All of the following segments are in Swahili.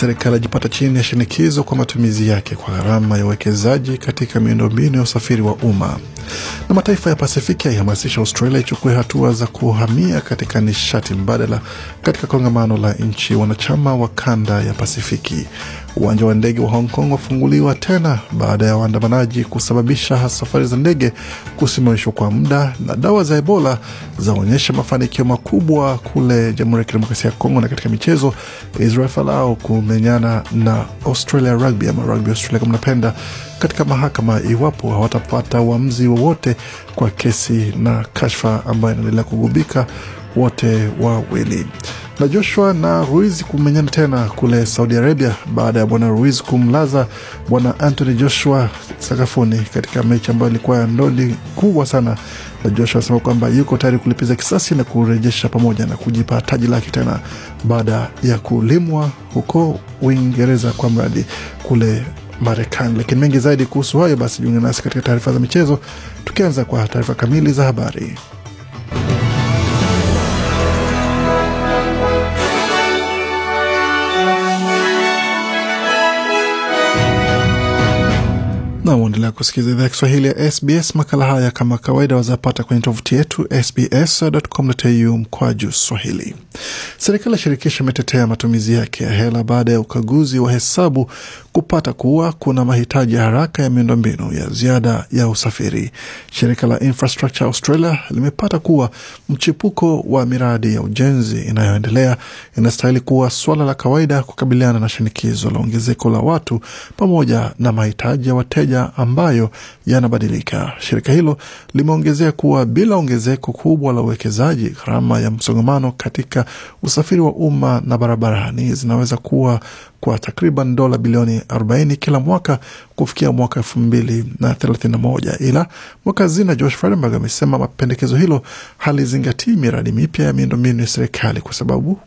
serikali ajipata chini ya shinikizo kwa matumizi yake kwa gharama ya uwekezaji katika miundombinu ya usafiri wa umma. Na mataifa ya Pasifiki yaihamasisha Australia ichukue hatua za kuhamia katika nishati mbadala katika kongamano la nchi wanachama wa kanda ya Pasifiki. Uwanja wa ndege wa Hong Kong wafunguliwa tena baada ya waandamanaji kusababisha safari za ndege kusimamishwa kwa muda, na dawa za Ebola zaonyesha mafanikio makubwa kule Jamhuri ya Kidemokrasia ya Kongo. Na katika michezo, Israel Falau kumenyana na Australia Rugby ama Rugby Australia kama napenda katika mahakama iwapo hawatapata uamuzi wowote kwa kesi na kashfa ambayo inaendelea kugubika wote wawili. Na Joshua na Ruiz kumenyana tena kule Saudi Arabia baada ya bwana Ruiz kumlaza bwana Anthony Joshua sakafuni katika mechi ambayo ilikuwa ya ndondi kubwa sana, na Joshua anasema kwamba yuko tayari kulipiza kisasi na kurejesha pamoja na kujipa taji lake tena baada ya kulimwa huko Uingereza, kwa mradi kule Marekani. Lakini mengi zaidi kuhusu hayo, basi jiunge nasi katika taarifa za michezo, tukianza kwa taarifa kamili za habari. na uendelea kusikiliza idhaa ya Kiswahili ya SBS. Makala haya kama kawaida wazapata kwenye tovuti yetu sbs.com.au mkwaju swahili. Serikali ya shirikisho imetetea matumizi yake ya hela baada ya ukaguzi wa hesabu kupata kuwa kuna mahitaji ya haraka ya miundombinu ya ziada ya usafiri. Shirika la Infrastructure Australia limepata kuwa mchipuko wa miradi ya ujenzi inayoendelea inastahili kuwa suala la kawaida kukabiliana na shinikizo la ongezeko la watu pamoja na mahitaji ya wateja ambayo yanabadilika. Shirika hilo limeongezea kuwa bila ongezeko kubwa la uwekezaji, gharama ya msongamano katika usafiri wa umma na barabarani zinaweza kuwa kwa takriban dola bilioni arobaini kila mwaka kufikia mwaka elfu mbili na thelathini na moja ila mwaka hazina Josh Frydenberg amesema mapendekezo hilo halizingatii miradi mipya ya miundombinu ya serikali kwa sababu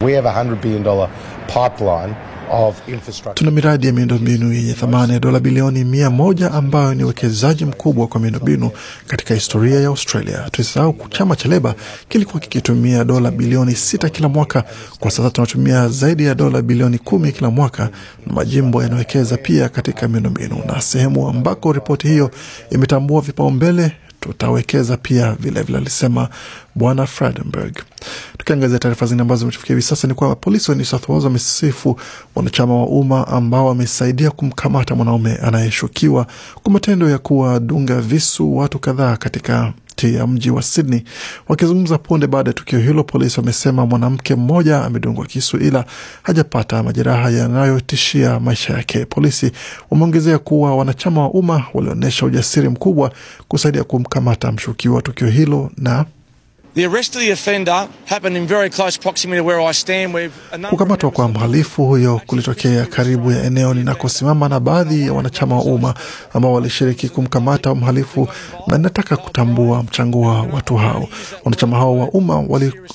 We have a $100 billion pipeline Tuna miradi ya miundombinu yenye thamani ya dola bilioni mia moja ambayo ni uwekezaji mkubwa kwa miundombinu katika historia ya Australia. Tusisahau chama cha Leba kilikuwa kikitumia dola bilioni sita kila mwaka, kwa sasa tunatumia zaidi ya dola bilioni kumi kila mwaka, na majimbo yanawekeza pia katika miundombinu, na sehemu ambako ripoti hiyo imetambua vipaumbele tutawekeza pia vilevile, alisema Bwana fredenberg Tukiangazia taarifa zingine ambazo zimetufikia hivi sasa ni kwamba polisi wa New South Wales wamesifu wanachama wa umma ambao wamesaidia kumkamata mwanaume anayeshukiwa kwa matendo ya kuwadunga visu watu kadhaa katika ya mji wa Sydney. Wakizungumza punde baada ya tukio hilo, polisi wamesema mwanamke mmoja amedungwa kisu ila hajapata majeraha yanayotishia maisha yake. Polisi wameongezea kuwa wanachama wa umma walionyesha ujasiri mkubwa kusaidia kumkamata mshukiwa wa tukio hilo na Kukamatwa kwa mhalifu huyo kulitokea karibu ya eneo ninakosimama na baadhi ya wanachama wa umma ambao walishiriki kumkamata mhalifu, na ninataka kutambua mchango wa watu hao. Wanachama hao wa umma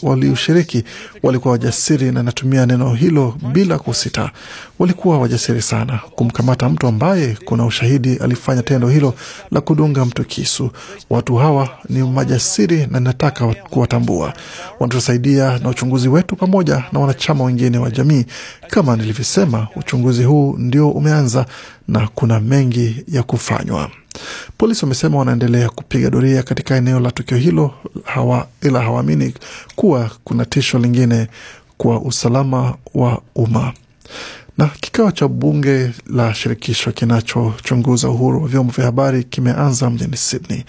walioshiriki wali walikuwa wajasiri, na natumia neno hilo bila kusita. Walikuwa wajasiri sana kumkamata mtu ambaye kuna ushahidi alifanya tendo hilo la kudunga mtu kisu. Watu hawa ni majasiri na ninataka kuwatambua. Wanatusaidia na uchunguzi wetu pamoja na wanachama wengine wa jamii. Kama nilivyosema, uchunguzi huu ndio umeanza na kuna mengi ya kufanywa. Polisi wamesema wanaendelea kupiga doria katika eneo la tukio hilo hawa, ila hawaamini kuwa kuna tisho lingine kwa usalama wa umma. Na kikao cha bunge la shirikisho kinachochunguza uhuru wa vyombo vya habari kimeanza mjini Sydney.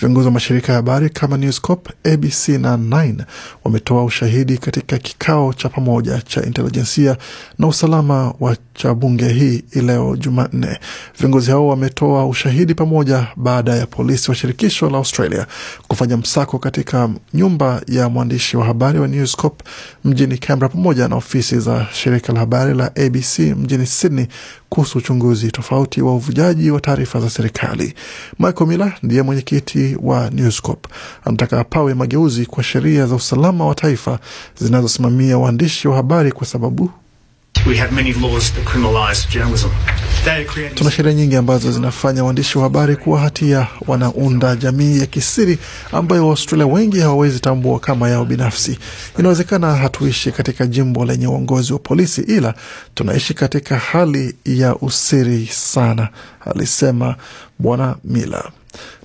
Viongozi wa mashirika ya habari kama News Corp, ABC na Nine wametoa ushahidi katika kikao cha pamoja cha intelijensia na usalama wa cha bunge hii ileo Jumanne. Viongozi hao wametoa ushahidi pamoja baada ya polisi wa shirikisho la Australia kufanya msako katika nyumba ya mwandishi wa habari wa News Corp mjini Canberra pamoja na ofisi za shirika la habari la ABC polisi mjini Sydney kuhusu uchunguzi tofauti wa uvujaji wa taarifa za serikali. Michael Miller ndiye mwenyekiti wa News Corp, anataka pawe mageuzi kwa sheria za usalama wa taifa zinazosimamia waandishi wa habari kwa sababu We have many laws that Tuna sheria nyingi ambazo zinafanya waandishi wa habari kuwa hatia. Wanaunda jamii ya kisiri ambayo Waaustralia wengi hawawezi tambua kama yao binafsi. Inawezekana hatuishi katika jimbo lenye uongozi wa polisi, ila tunaishi katika hali ya usiri sana, alisema Bwana Miller.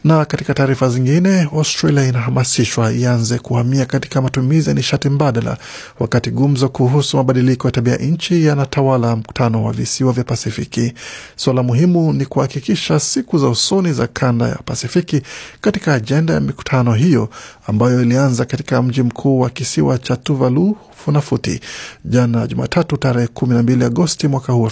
Na katika taarifa zingine, Australia inahamasishwa ianze kuhamia katika matumizi ya nishati mbadala, wakati gumzo kuhusu mabadiliko ya tabia nchi yanatawala mkutano wa visiwa vya Pasifiki. Suala muhimu ni kuhakikisha siku za usoni za kanda ya Pasifiki katika ajenda ya mikutano hiyo ambayo ilianza katika mji mkuu wa kisiwa cha Tuvalu Funafuti jana Jumatatu tarehe 12 Agosti mwaka huu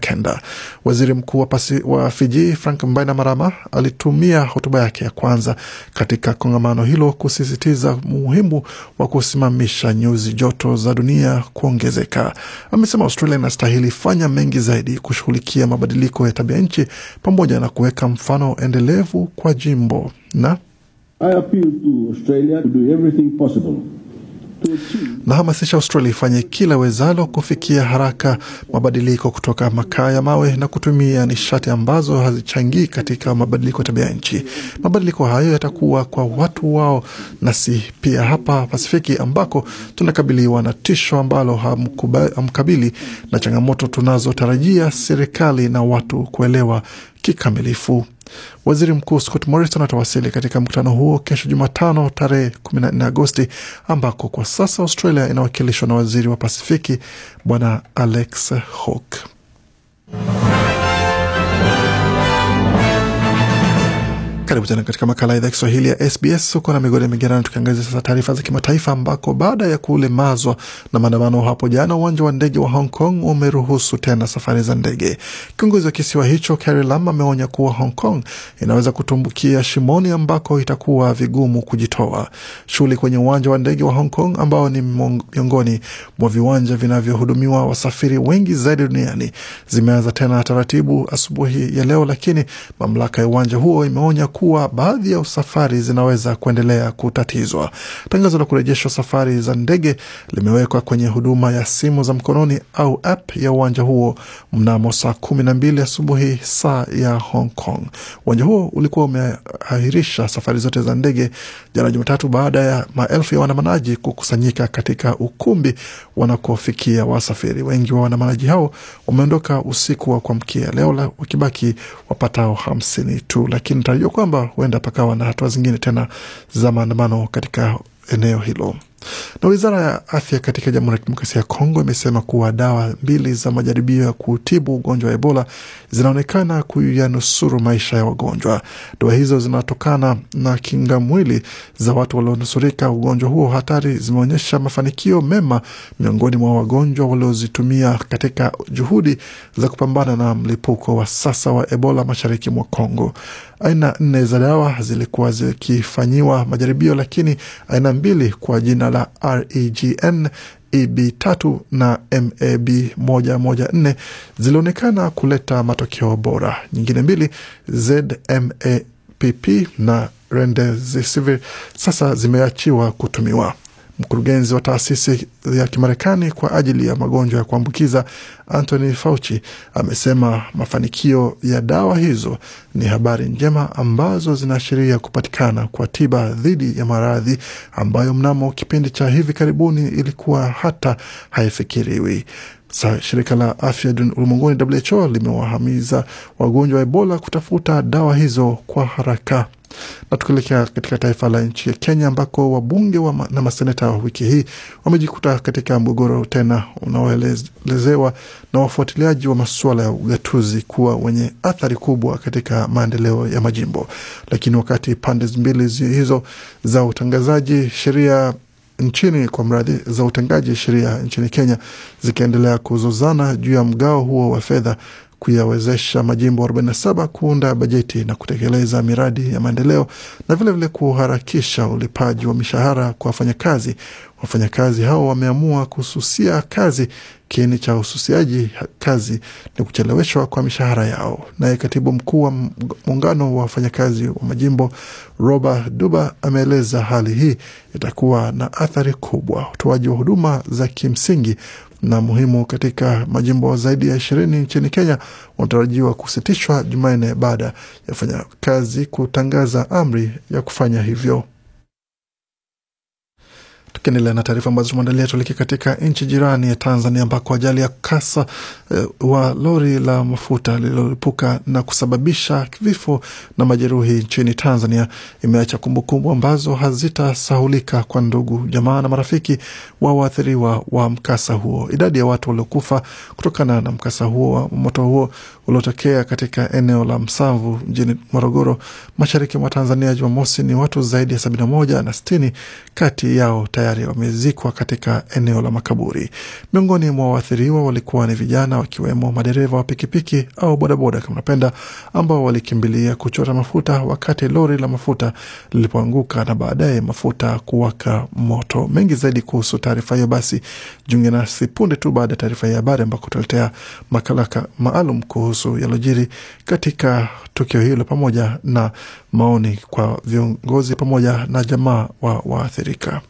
kenda. Waziri Mkuu wa Fiji Frank Bainimarama alitumia hotuba yake ya kwanza katika kongamano hilo kusisitiza umuhimu wa kusimamisha nyuzi joto za dunia kuongezeka. Amesema Australia inastahili fanya mengi zaidi kushughulikia mabadiliko ya tabia nchi pamoja na kuweka mfano endelevu kwa jimbo na I Nahamasisha Australia ifanye kila wezalo kufikia haraka mabadiliko kutoka makaa ya mawe na kutumia nishati ambazo hazichangii katika mabadiliko ya tabia nchi. Mabadiliko hayo yatakuwa kwa watu wao, na si pia hapa Pasifiki ambako tunakabiliwa na tisho ambalo hamkabili na changamoto tunazotarajia serikali na watu kuelewa kikamilifu. Waziri Mkuu Scott Morrison atawasili katika mkutano huo kesho Jumatano tarehe 14 Agosti, ambako kwa sasa Australia inawakilishwa na waziri wa Pasifiki Bwana Alex Hawke. Karibu tena katika makala ya idhaa Kiswahili ya SBS. huko na migodi migerano, tukiangazia sasa taarifa za kimataifa, ambako baada ya kulemazwa na maandamano hapo jana, uwanja wa ndege wa Hong Kong umeruhusu tena safari za ndege. Kiongozi wa kisiwa hicho Carrie Lam ameonya kuwa Hong Kong inaweza kutumbukia shimoni ambako itakuwa vigumu kujitoa. Shughuli kwenye uwanja wa ndege wa Hong Kong ambao ni miongoni mwa viwanja vinavyohudumiwa wasafiri wengi zaidi duniani zimeanza tena taratibu asubuhi ya leo, lakini mamlaka ya uwanja huo imeonya kuwa baadhi ya safari zinaweza kuendelea kutatizwa. Tangazo la kurejeshwa safari za ndege limewekwa kwenye huduma ya simu za mkononi au app ya uwanja huo mnamo saa kumi na mbili asubuhi saa ya Hong Kong. Uwanja huo ulikuwa umeahirisha safari zote za ndege jana Jumatatu baada ya maelfu ya waandamanaji kukusanyika katika ukumbi wanakofikia wasafiri. Wengi wa waandamanaji hao wameondoka usiku wa kuamkia leo, wakibaki wapatao hamsini tu, lakini tarajiwa kwamba kwamba huenda pakawa na hatua zingine tena za maandamano katika eneo hilo. Na wizara ya afya katika Jamhuri ya Kidemokrasia ya Kongo imesema kuwa dawa mbili za majaribio ya kutibu ugonjwa wa Ebola zinaonekana kuyanusuru maisha ya wagonjwa. Dawa hizo zinatokana na kinga mwili za watu walionusurika ugonjwa huo hatari, zimeonyesha mafanikio mema miongoni mwa wagonjwa waliozitumia katika juhudi za kupambana na mlipuko wa sasa wa Ebola mashariki mwa Kongo. Aina nne za dawa zilikuwa zikifanyiwa majaribio, lakini aina mbili kwa jina la REGN EB3 na MAB114 e zilionekana kuleta matokeo bora. Nyingine mbili ZMAPP na Rendezvous sasa zimeachiwa kutumiwa. Mkurugenzi wa taasisi ya Kimarekani kwa ajili ya magonjwa ya kuambukiza Anthony Fauci amesema mafanikio ya dawa hizo ni habari njema ambazo zinaashiria kupatikana kwa tiba dhidi ya maradhi ambayo mnamo kipindi cha hivi karibuni ilikuwa hata haifikiriwi. Sa shirika la afya ulimwenguni WHO limewahamiza wagonjwa wa Ebola kutafuta dawa hizo kwa haraka. Na tukielekea katika taifa la nchi ya Kenya ambako wabunge wa na maseneta wa wiki hii wamejikuta katika mgogoro tena unaoelezewa na wafuatiliaji wa masuala ya ugatuzi kuwa wenye athari kubwa katika maendeleo ya majimbo. Lakini wakati pande mbili hizo za utangazaji sheria nchini kwa mradhi za utengaji sheria nchini Kenya zikiendelea kuzozana juu ya mgao huo wa fedha, kuyawezesha majimbo 47 kuunda bajeti na kutekeleza miradi ya maendeleo na vilevile vile kuharakisha ulipaji wa mishahara kwa wafanyakazi Wafanyakazi hao wameamua kususia kazi. Kiini cha ususiaji kazi ni kucheleweshwa kwa mishahara yao. Naye katibu mkuu wa muungano wa wafanyakazi wa majimbo Robert Duba ameeleza hali hii itakuwa na athari kubwa utoaji wa huduma za kimsingi na muhimu katika majimbo zaidi ya ishirini nchini Kenya wanatarajiwa kusitishwa Jumanne baada ya wafanyakazi kutangaza amri ya kufanya hivyo. Tukiendelea na taarifa ambazo tumeandalia, tuelekee katika nchi jirani ya Tanzania ambako ajali ya kasa uh, wa lori la mafuta lililolipuka na kusababisha vifo na majeruhi nchini Tanzania imeacha kumbukumbu ambazo hazitasahulika kwa ndugu, jamaa na marafiki wa waathiriwa wa mkasa huo. Idadi ya watu waliokufa kutokana na mkasa huo wa moto huo uliotokea katika eneo la Msavu mjini Morogoro, mashariki mwa Tanzania Jumamosi ni watu zaidi ya sabini na moja na sitini kati yao tayari wamezikwa katika eneo la makaburi. Miongoni mwa waathiriwa walikuwa ni vijana, wakiwemo madereva wa pikipiki au bodaboda kama napenda, ambao walikimbilia kuchota mafuta wakati lori la mafuta lilipoanguka na baadaye mafuta kuwaka moto. Mengi zaidi kuhusu taarifa hiyo, basi jiunge nasi punde tu baada ya taarifa hii ya habari, ambako tutaletea makala maalum kuhusu kuhusu yalojiri katika tukio hilo pamoja na maoni kwa viongozi pamoja na jamaa wa waathirika.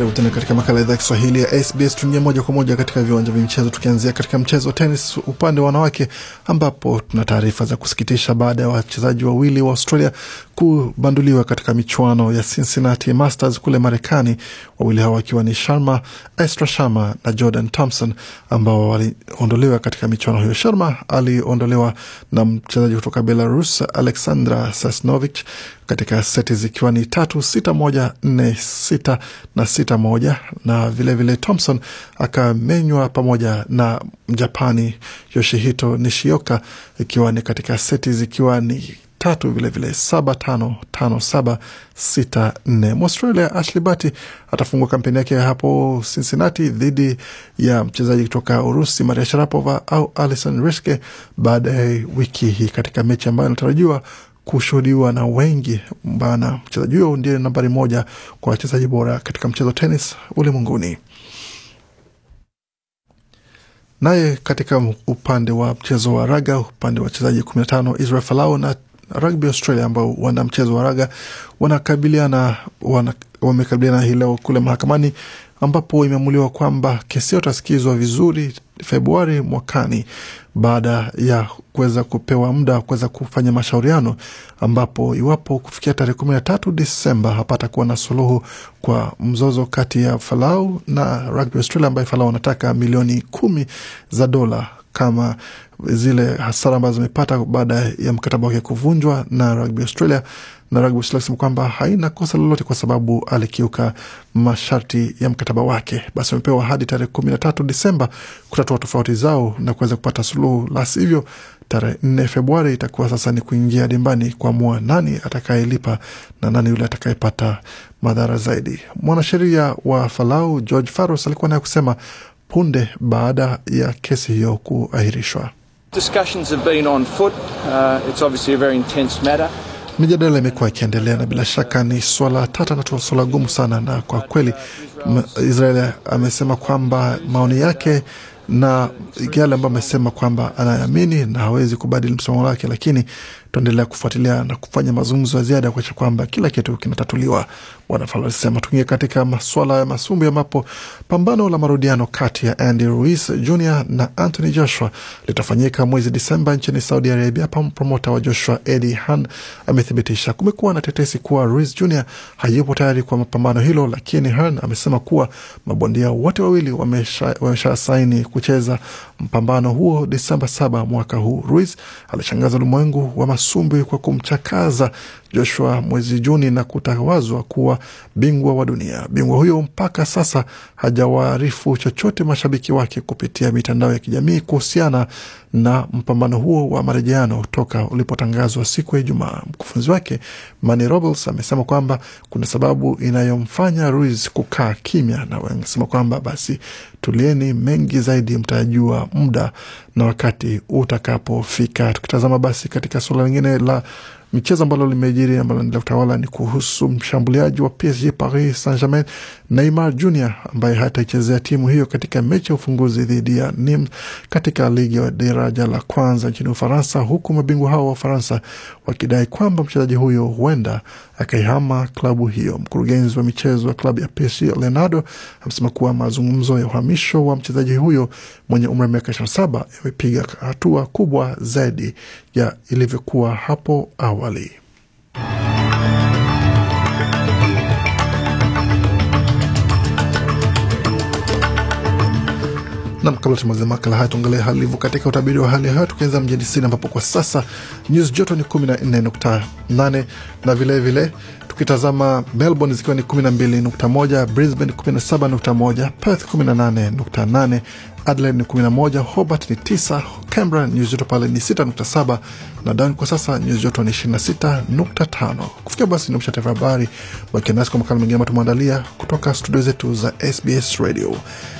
Karibu tena katika makala idhaa ya Kiswahili ya SBS. Tuingia moja kwa moja katika viwanja vya michezo, tukianzia katika mchezo wa tenis upande wa wanawake, ambapo tuna taarifa za kusikitisha baada ya wachezaji wawili wa Australia kubanduliwa katika michuano ya Cincinnati Masters kule Marekani, wawili hao wakiwa ni Sharma, Estra Sharma na Jordan Thompson ambao waliondolewa katika michuano hiyo. Sharma aliondolewa na mchezaji kutoka Belarus Alexandra Sasnovich katika seti zikiwa ni tatu sita moja nne sita na sita kilomita moja na vilevile vile Thompson akamenywa pamoja na Mjapani Yoshihito Nishioka, ikiwa ni katika seti zikiwa ni tatu vilevile vile, saba tano tano saba sita nne. Mwaustralia Ashli Barty atafungua kampeni yake hapo Cincinnati dhidi ya mchezaji kutoka Urusi Maria Sharapova au Alison Riske baadaye wiki hii katika mechi ambayo inatarajiwa kushuhudiwa na wengi bana. Mchezaji huyo ndiye nambari moja kwa wachezaji bora katika mchezo tenis ulimwenguni. Naye katika upande wa mchezo wa raga, upande wa wachezaji tano Israel Falau na Rugby Australia ambao wana mchezo wa raga wanakabiliana wana, wamekabiliana hii leo kule mahakamani ambapo imeamuliwa kwamba kesi hiyo itasikizwa vizuri Februari mwakani baada ya kuweza kupewa muda wa kuweza kufanya mashauriano, ambapo iwapo kufikia tarehe kumi na tatu Disemba hapata kuwa na suluhu kwa mzozo kati ya Falau na Rugby Australia, ambaye Falau anataka milioni kumi za dola kama zile hasara ambazo zimepata baada ya mkataba wake kuvunjwa na Rugby Australia Naragush alisema kwamba haina kosa lolote kwa sababu alikiuka masharti ya mkataba wake. Basi wamepewa hadi tarehe kumi na tatu Desemba kutatua tofauti zao na kuweza kupata suluhu, la sivyo tarehe nne Februari itakuwa sasa ni kuingia dimbani kuamua nani atakayelipa na nani yule atakayepata madhara zaidi. Mwanasheria wa Falau George Faros alikuwa naye kusema punde baada ya kesi hiyo kuahirishwa. Mijadala imekuwa ikiendelea na bila shaka ni swala tata na swala gumu sana, na kwa kweli israel amesema kwamba maoni yake na yale ambayo amesema kwamba anaamini na hawezi kubadili msimamo wake, lakini tuendelea kufuatilia na kufanya mazungumzo ya ziada kuakisha kwamba kila kitu kinatatuliwa. Wanafalsema tuingie katika maswala ya masumbu, ambapo pambano la marudiano kati ya Andy Ruiz Jr na Anthony Joshua litafanyika mwezi Disemba nchini Saudi Arabia. Promota wa Joshua Eddie Han amethibitisha kumekuwa na tetesi kuwa Ruiz Jr hayupo tayari kwa pambano hilo, lakini Han amesema kuwa mabondia wote wawili wamesha, wamesha saini which is mpambano huo Desemba 7 mwaka huu. Ruiz alishangaza ulimwengu wa masumbwi kwa kumchakaza Joshua mwezi Juni na kutawazwa kuwa bingwa wa dunia. Bingwa huyo mpaka sasa hajawaarifu chochote mashabiki wake kupitia mitandao ya kijamii kuhusiana na mpambano huo wa marejeano toka ulipotangazwa siku ya Ijumaa. Mkufunzi wake Manny Robles amesema kwamba kuna sababu inayomfanya Ruiz kukaa kimya, na wanasema kwamba basi tulieni, mengi zaidi mtajua muda na wakati utakapofika. Tukitazama basi katika suala lingine la michezo ambalo limejiri ambalo ni la utawala ni kuhusu mshambuliaji wa PSG Paris Saint Germain Neymar Jr ambaye hataichezea timu hiyo katika mechi ya ufunguzi dhidi ya Nimes katika ligi ya daraja la kwanza nchini Ufaransa, huku mabingwa hao wa Ufaransa wakidai kwamba mchezaji huyo huenda akaihama klabu hiyo. Mkurugenzi wa michezo wa klabu ya PSG Leonardo amesema kuwa mazungumzo ya uhamisho wa mchezaji huyo mwenye umri wa miaka 27 yamepiga hatua kubwa zaidi ya ilivyokuwa hapo awali. Nam, kabla tumaliza makala haya, tuangalia hali ilivyo katika utabiri wa hali ya hewa, tukianza mjini Sydney ambapo kwa sasa nyuzi joto ni 14.8 na vilevile tukitazama Melbourne zikiwa ni 12.1, Brisbane 17.1, Perth 18.8, Adelaide ni 11, Hobart ni 9, Canberra nyuzi joto pale ni 6.7 na Darwin kwa sasa nyuzi joto ni 26.5. Kufikia basi ni taarifa habari, bakia nasi kwa makala mengine ambayo tumeandalia kutoka studio zetu za SBS Radio.